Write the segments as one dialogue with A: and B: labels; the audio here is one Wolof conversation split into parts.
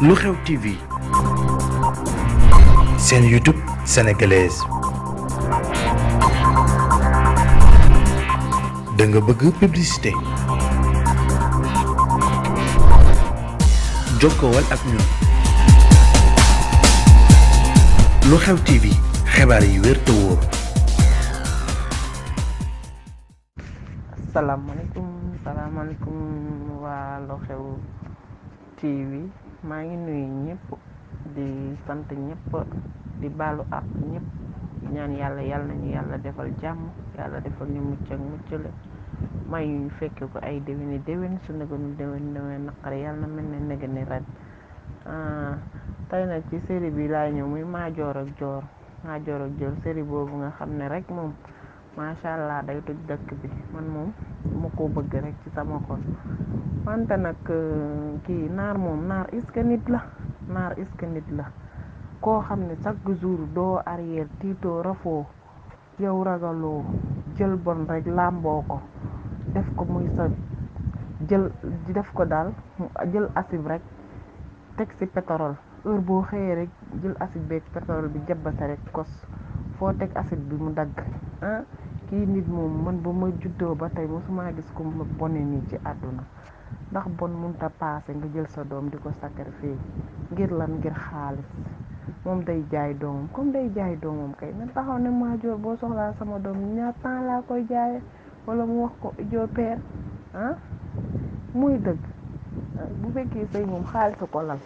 A: lu xew TV seen YouTube sénégalaise da bëgg publicité jokkowal ak ñun lu xew TV xibaar yi wér te wóor.
B: salaamaaleykum salaamaaleykum waa lu xew TV. maa ngi nuyu ñëpp di sant ñëpp di baalu ak ñëpp ñaan yàlla yàlla na ñu yàlla defal jàmm yàlla defal ñu mucc ak muccale may ñu ko ay déwéni déwén su nëgënu déwén déwén naqar yàlla na mel ne nëgëni ren ah, tey nag ci séri bi laa ñëw muy maajoor ak joor maajoor ak joor série boobu nga xam ne rek moom macha allah day toj dëkk bi man moom ma ko bëgg rek ci sama xol wante nag euh, kii naar moom naar est nit la naar est nit la koo xam ne chaque jour doo arrière tiitoo rafoo yow ragaloo jël bon rek làmboo ko def ko muy sa jël def ko daal jël asib rek teg ci pétrole heure boo xëyee rek jël acide beeg pétrole bi jabase rek kos foo teg acide bi mu dagg ah? kii nit moom man ba ma juddoo ba tey mosuma gis ko ma bone nii ci àdduna ndax bon munta paase nga jël sa doom di ko sacrifier ngir lan ngir xaalis moom day jaay doomam comme day jaay doomam kay na taxaw ne maa boo soxlaa sama doom ñaata laa koy jaaye wala mu wax ko joor peer ah muy dëgg bu fekkee sëy moom xaalis ko lal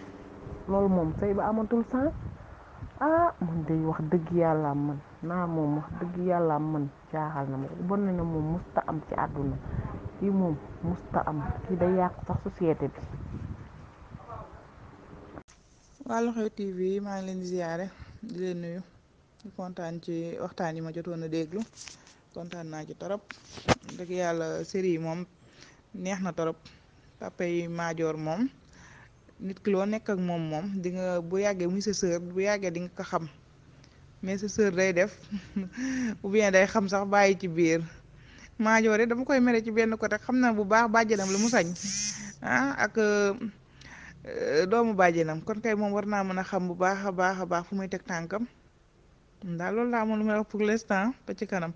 B: loolu moom sëy ba amatul sens ah mun day wax dëgg yàlla man naa moom wax dëgg yàlla man jaaxal na ma bon na ne moom musta am ci àdduna kii moom musta am kii day yàq sax société bi
A: waa Xew TV maa ngi leen di di leen nuyu kontaan ci waxtaan yi ma jotoon na déglu kontaan naa ci torop dëgg yàlla série moom neex na torop papa maajoor moom nit ki loo nekk ak moom moom di nga bu yàggee muy sa sœur bu yàggee di nga ko xam mais sa sœur day def ou bien day xam sax bàyyi ci biir maajoore dama koy mere ci benn côté xam na bu baax bàjjenam lu mu sañ ah ak euh, doomu bàjjenam kon kay moom war naa mën a xam bu baax a baax a baax fu muy teg tànkam ndax loolu laa mën lu may wax pour l'instant ba ci kanam